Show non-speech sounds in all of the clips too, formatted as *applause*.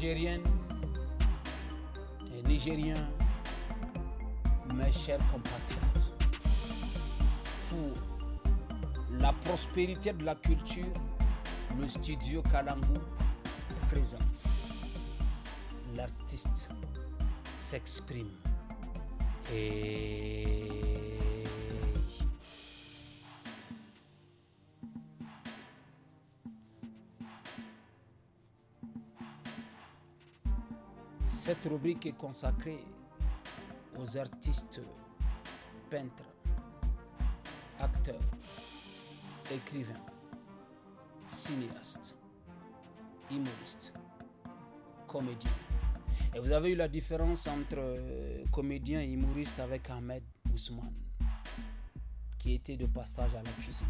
Nigérienne, et Nigériens, mes chers compatriotes, pour la prospérité de la culture, le studio Kalangu présente. L'artiste s'exprime. Et Cette rubrique est consacrée aux artistes, peintres, acteurs, écrivains, cinéastes, humoristes, comédiens. Et vous avez eu la différence entre euh, comédien et humoriste avec Ahmed Ousmane, qui était de passage à la cuisine.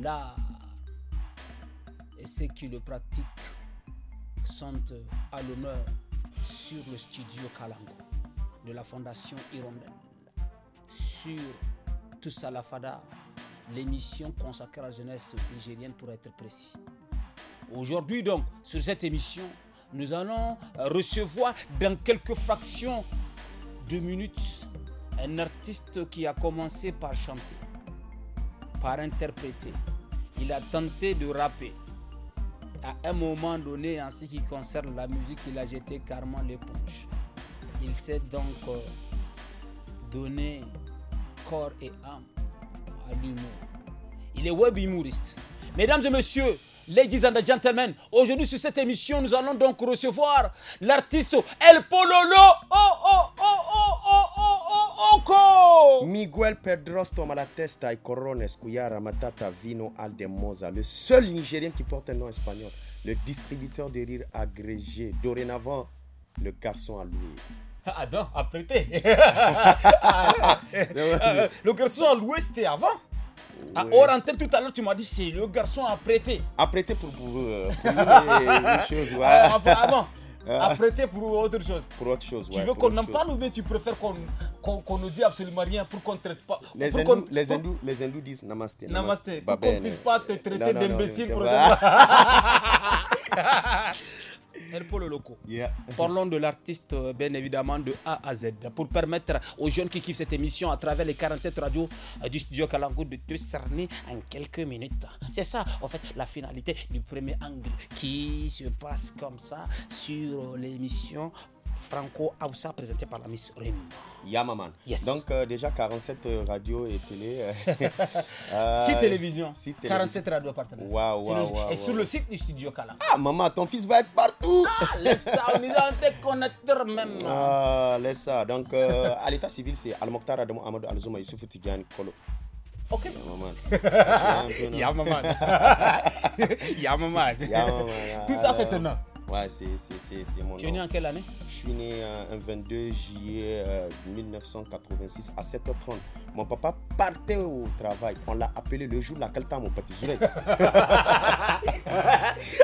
L'art et ceux qui le pratiquent à l'honneur sur le studio Kalango de la Fondation Hirondelle, sur Lafada, l'émission consacrée à la jeunesse nigérienne pour être précis. Aujourd'hui donc, sur cette émission, nous allons recevoir dans quelques fractions de minutes un artiste qui a commencé par chanter, par interpréter. Il a tenté de rapper à un moment donné, en ce qui concerne la musique, il a jeté carrément l'éponge. Il s'est donc euh, donné corps et âme à l'humour. Il est web humoriste. Mesdames et messieurs, Ladies and gentlemen, aujourd'hui sur cette émission, nous allons donc recevoir l'artiste El Pololo Miguel Pedros la et Corones Cuyara Matata Vino Aldemosa, le seul Nigérien qui porte un nom espagnol, le distributeur de rire agrégé, dorénavant le garçon à louer. Ah non, apprêté *laughs* Le garçon à louer, c'était avant à ouais. tout à l'heure, tu m'as dit c'est le garçon à prêter. À prêter pour, euh, pour, pour *laughs* les, choses. Ouais. Ah, avant, à ah. pour autre chose. Tu veux qu'on n'en parle ou bien tu préfères qu'on qu nous ne dise absolument rien pour qu'on ne traite pas les hindous, les, hindous, disent namaste. Namaste. Pour qu'on ne puisse pas te traiter d'imbécile pour prochainement. *laughs* *laughs* pour le Loco. Parlons de l'artiste, euh, bien évidemment, de A à Z, pour permettre aux jeunes qui kiffent cette émission à travers les 47 radios euh, du studio Kalangou de te cerner en quelques minutes. C'est ça, en fait, la finalité du premier angle qui se passe comme ça sur euh, l'émission franco Aoussa, présenté par la Miss Rim. Yamaman. Donc euh, déjà 47 euh, radios et télé. 6 euh, *laughs* *laughs* télévisions. 47 radios partenaires. Et sur le site du studio Kala. Ah maman, ton fils va être partout. Ah, laisse ça, on est dans tes connecteurs même. Ah, laisse ça. Donc à l'état civil, c'est Al-Mokhtar Adamo Al-Zouma Yusuf Kolo. Ok. Yamaman. Yamaman. Yamaman. Yamaman. Tout ça, c'est un nom. Ouais, c'est mon nom. Tu es né en quelle année Je suis né un 22 juillet 1986 euh, à 7h30. Mon papa partait au travail. On l'a appelé le jour laquelle temps mon petit soleil. *laughs*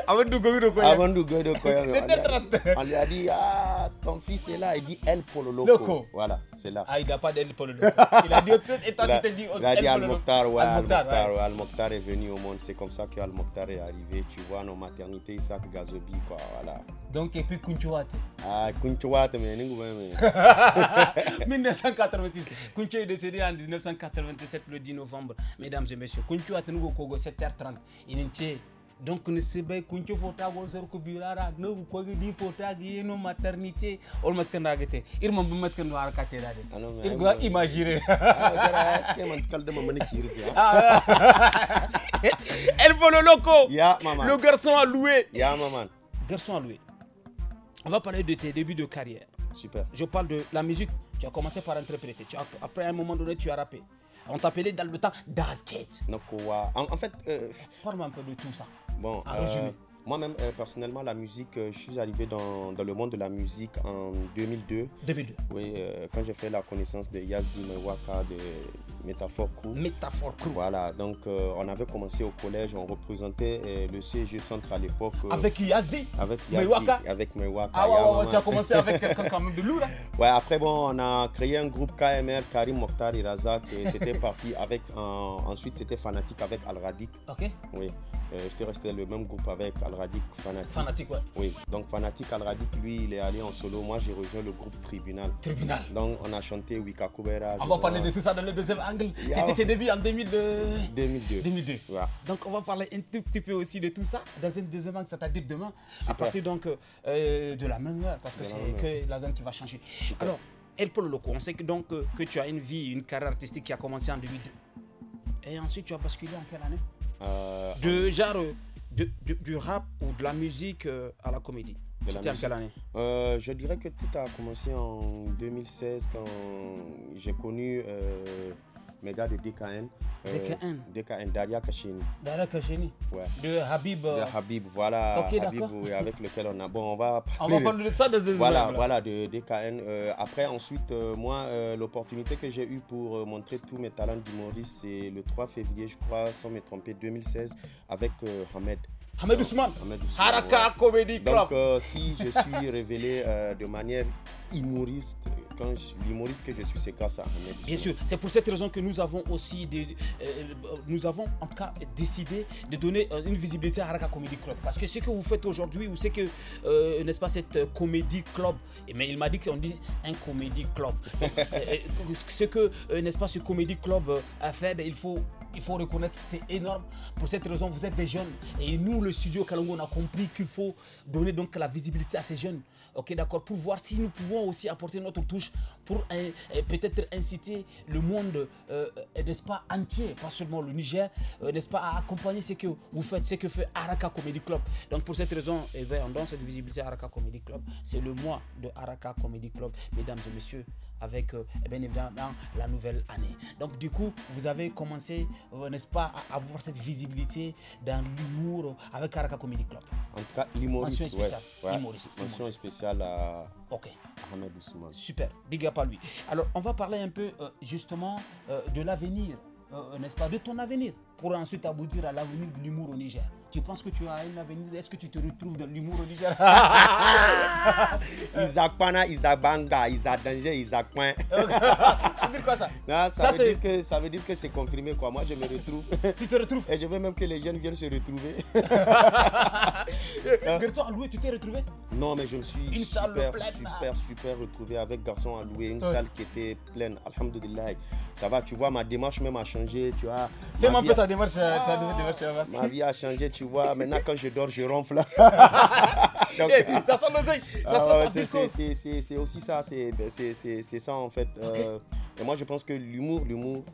Avant de goûter de quoi Avant de goûter de Koya. *laughs* On lui a dit, ton fils est là, il dit El Polo Loco. Loco. Voilà, c'est là. Ah, il n'a pas d'El Polo Loco. *laughs* Il a dit autre chose et toi, tu t'es dit Il a dit Al Mokhtar, Al Mokhtar, est venu au monde. C'est comme ça qu'Al Mokhtar est arrivé. Tu vois, nos maternités, Isaac Gazobi, quoi, voilà. Donc, et puis Kunchuate. Ah, Kunchouate, mais nous, mais. 1986. *laughs* Kuncho est décédé en 1987, le 10 novembre. Mesdames et messieurs, Kunchouate, Nouveau au Kogo, 7h30. Il est donc ne sebe kunche fota go sor ko birara no ko gi di fota gi no maternité ol ma kan ragete ir mam mat kan war ka tera de ir go imaginer ah, est-ce que man kal de ma ne kir ya el volo loco ya maman le garçon à louer ya maman garçon à louer on va parler de tes débuts de carrière super je parle de la musique tu as commencé par interpréter tu as, après un moment donné tu as rappé on t'appelait dans le temps Dasket. En, en fait, euh, parle-moi un peu de tout ça. Bon, ah, euh, moi-même, euh, personnellement, la musique, euh, je suis arrivé dans, le monde de la musique en 2002. 2002. Oui, quand j'ai fait la connaissance de Yazdi Mewaka de Métaphore Crew. Métaphore Crew. Voilà, donc on avait commencé au collège, on représentait le CG Centre à l'époque. avec Yazdi Avec Yazdi. Mewaka Avec Mewaka. Ah tu as commencé avec *laughs* quelqu'un quand même de lourd. là hein. Ouais, après, bon, on a créé un groupe KMR, Karim Mokhtar et Razak. C'était *laughs* parti avec. ensuite, c'était Fanatique avec Al Radik. Ok. Oui je euh, J'étais resté dans le même groupe avec Alradic Fanatic. Fanatic, ouais. Oui. Donc Fanatic, Al-Radik, lui, il est allé en solo. Moi, j'ai rejoint le groupe Tribunal. Tribunal. Donc on a chanté Wika Kubera. On va parler de tout ça dans le deuxième angle. C'était tes débuts en 2002. 2002. 2002. Donc on va parler un tout petit peu aussi de tout ça dans un deuxième angle, ça t'a dit demain, Super. à partir donc euh, de la même heure, parce que c'est que la donne qui va changer. alors Alors, El Polo Loco, on sait que donc euh, que tu as une vie, une carrière artistique qui a commencé en 2002. Et ensuite, tu as basculé en quelle année euh, de genre du rap ou de la musique euh, à la comédie. C'était en quelle année euh, Je dirais que tout a commencé en 2016 quand j'ai connu mes de DKN. DKN. DKN, Daria Kachini. Daria Kachini Ouais. De Habib. De euh, Habib, voilà. ok Habib avec lequel on a. Bon, on va parler. On va de ça de, Voilà, voilà, de DKN. Euh, après, ensuite, euh, moi, l'opportunité que j'ai eue pour montrer tous mes talents d'humoriste, c'est le 3 février, je crois, sans me tromper, 2016, avec Hamed. Hamed Ousmane, Haraka Comedy Club. Donc, euh, si je suis révélé euh, de manière humoriste, quand l'humoriste que je suis, c'est grâce à Bien sûr, c'est pour cette raison que nous avons aussi, euh, nous avons en cas décidé de donner une visibilité à Haraka Comedy Club. Parce que ce que vous faites aujourd'hui, ou ce que, n'est-ce pas, cette comédie club, mais eh il m'a dit qu'on dit un comédie club. *laughs* ce que, n'est-ce pas, ce comédie club a fait, eh il faut il faut reconnaître que c'est énorme. Pour cette raison, vous êtes des jeunes. Et nous, le studio Kalongo, on a compris qu'il faut donner donc la visibilité à ces jeunes. Ok, d'accord Pour voir si nous pouvons aussi apporter notre touche pour peut-être inciter le monde, euh, n'est-ce pas, entier, pas seulement le Niger, euh, n'est-ce pas, à accompagner ce que vous faites, ce que fait Araka Comedy Club. Donc pour cette raison, eh bien, on donne cette visibilité à Araka Comedy Club. C'est le mois de Araka Comedy Club, mesdames et messieurs avec euh, eh bien la nouvelle année. Donc du coup, vous avez commencé, euh, n'est-ce pas, à avoir cette visibilité dans l'humour avec Karaka Comedy Club. En tout cas, l'humoriste. spéciale. humoriste. spéciale à Ok. Ahmed Ousmane. Super, big up à lui. Alors, on va parler un peu euh, justement euh, de l'avenir euh, n'est-ce pas, de ton avenir pour ensuite aboutir à l'avenir de l'humour au Niger. Tu penses que tu as un avenir Est-ce que tu te retrouves dans l'humour au Niger *laughs* Isaac Pana, Isaac Banga, Isaac Danger, Isaac Point. ça *laughs* veut dire quoi ça ça, veut dire que, c'est confirmé quoi. Moi je me retrouve. tu te retrouves Et je veux même que les jeunes viennent se retrouver. Gertrude *laughs* loué, tu t'es retrouvé non, mais je me suis super, super, super retrouvé avec Garçon à louer, une salle qui était pleine. Alhamdulillah. Ça va, tu vois, ma démarche même a changé, tu vois. Fais-moi un peu ta démarche, euh, ta ah. démarche. Ma vie a changé, tu vois. Maintenant, quand je dors, je ronfle. *laughs* Eh, ça sent ça ah sent C'est aussi ça, c'est ben, ça en fait. Euh, et moi, je pense que l'humour, l'humour,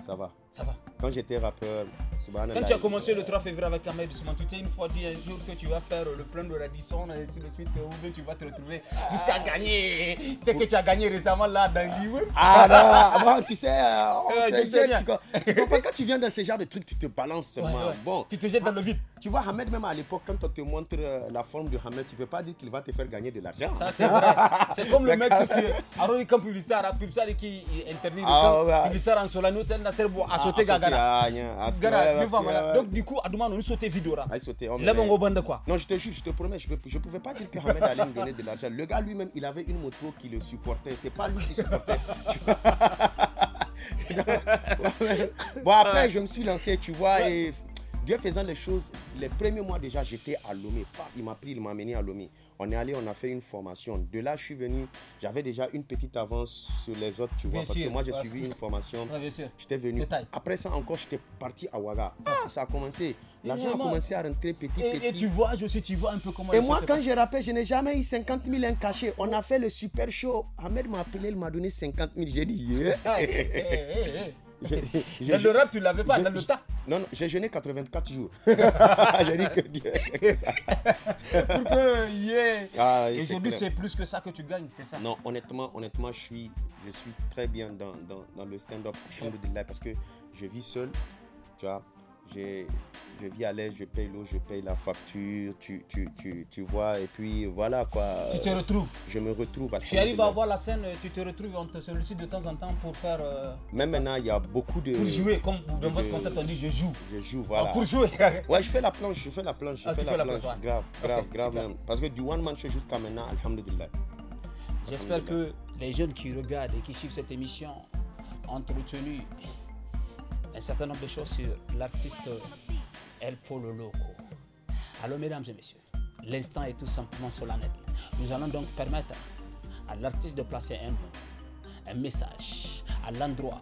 ça va. Ça va. Quand j'étais rappeur, quand tu as commencé le 3 février avec Ahmed Ousmane, tu t'es une fois dit un jour que tu vas faire le plein de Radisson et sur le suite où tu vas te retrouver jusqu'à gagner. C'est que tu as gagné récemment là dans le Ah non, tu sais, euh, on euh, tu, quand tu viens dans ce genre de trucs, tu te balances Bon, tu te jettes dans le vide. Tu vois, Ahmed, même à l'époque, quand on te montre euh, la forme de Ahmed, tu ne peux pas dire qu'il va te faire gagner de l'argent. Ça, c'est vrai. C'est comme le mec qui a un camp publicitaire, publicitaire qui interdit le ah, camp publicitaire en Solano, tel Nasser, ah, à sauter gagner. Donc, du coup, Adouma, nous sautait Vidora. Ah, il sautait. On Là, on quoi Non, je te jure, je te promets, je ne pouvais pas dire que Ahmed allait me donner de l'argent. Le gars lui-même, il avait une moto qui le supportait. C'est pas lui qui supportait. *laughs* *laughs* bon, après, je me suis lancé, tu vois, et Dieu faisant les choses, les premiers mois déjà, j'étais à Lomé. Il m'a pris, il m'a amené à Lomé. On est allé, on a fait une formation. De là, je suis venu. J'avais déjà une petite avance sur les autres, tu vois. parce que moi, j'ai suivi une formation. j'étais venu. Après ça, encore, j'étais parti à Ouaga. Ah. ça a commencé. L'argent a commencé à rentrer petit, petit. Et tu vois, je sais, tu vois un peu comment. Et moi, quand je rappelle, je n'ai jamais eu 50 000 en cachet. On a fait le super show. Ahmed m'a appelé, il m'a donné 50 000. J'ai dit, dans le rap, tu l'avais pas, dans le tas Non, non, j'ai jeûné 84 jours. *laughs* *laughs* j'ai dit que ça. *laughs* Pour que, yeah. Ah, Aujourd'hui, c'est plus que ça que tu gagnes, c'est ça Non, honnêtement, honnêtement, je suis, je suis très bien dans, dans, dans le stand-up, parce que je vis seul, tu vois je, vis à l'aise, je paye l'eau, je paye la facture, tu, tu, tu, tu, vois, et puis voilà quoi. Tu te retrouves Je me retrouve. À tu arrives à voir la scène, tu te retrouves, on te sollicite de temps en temps pour faire. Euh, même maintenant, il y a beaucoup de. Pour jouer, comme dans votre concept, on dit je joue. Je joue, ah, voilà. pour jouer *laughs* Ouais, je fais la planche, je fais la planche, je ah, fais, la, fais planche. la planche. Grave, grave, grave même. Parce que du one-man show jusqu'à maintenant, Alhamdulillah. J'espère que les jeunes qui regardent et qui suivent cette émission entretenu un certain nombre de choses sur l'artiste El Polo Loco. Alors, mesdames et messieurs, l'instant est tout simplement solennel. Nous allons donc permettre à l'artiste de placer un un message à l'endroit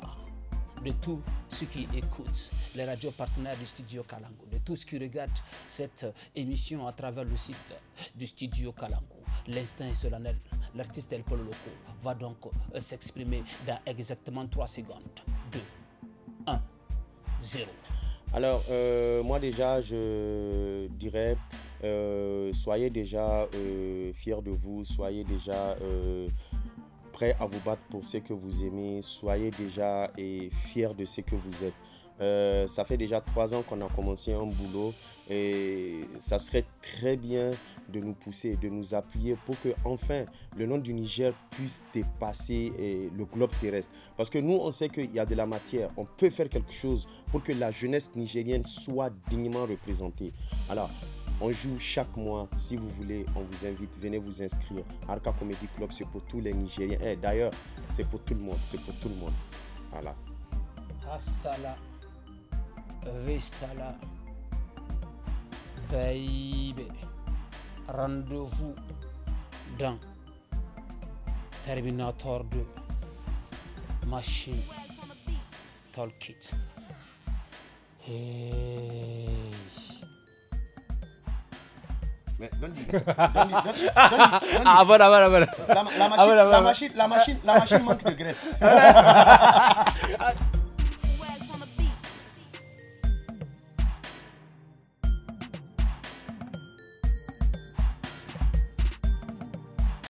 de tous ceux qui écoutent les radios partenaires du studio Kalango, de tous ceux qui regardent cette émission à travers le site du studio Kalango. L'instant est solennel. L'artiste El Polo Loco va donc euh, s'exprimer dans exactement 3 secondes. 2, 1. Alors, euh, moi déjà, je dirais, euh, soyez déjà euh, fiers de vous, soyez déjà prêts à vous battre pour ce que vous aimez, soyez déjà et fiers de ce que vous êtes. Euh, ça fait déjà trois ans qu'on a commencé un boulot et ça serait très bien de nous pousser, de nous appuyer pour que enfin le nom du Niger puisse dépasser eh, le globe terrestre. Parce que nous, on sait qu'il y a de la matière, on peut faire quelque chose pour que la jeunesse nigérienne soit dignement représentée. Alors, on joue chaque mois. Si vous voulez, on vous invite. Venez vous inscrire. Arca Comedy Club, c'est pour tous les Nigériens. Et eh, d'ailleurs, c'est pour tout le monde. C'est pour tout le monde. Voilà. Vestala, baby, rendez-vous dans Terminator 2, Machine, Toolkit. Hey. Donne *laughs* Ah donne voilà, donne La, ah, voilà, voilà. la, machine, la, machine, la machine manque de graisse. *laughs*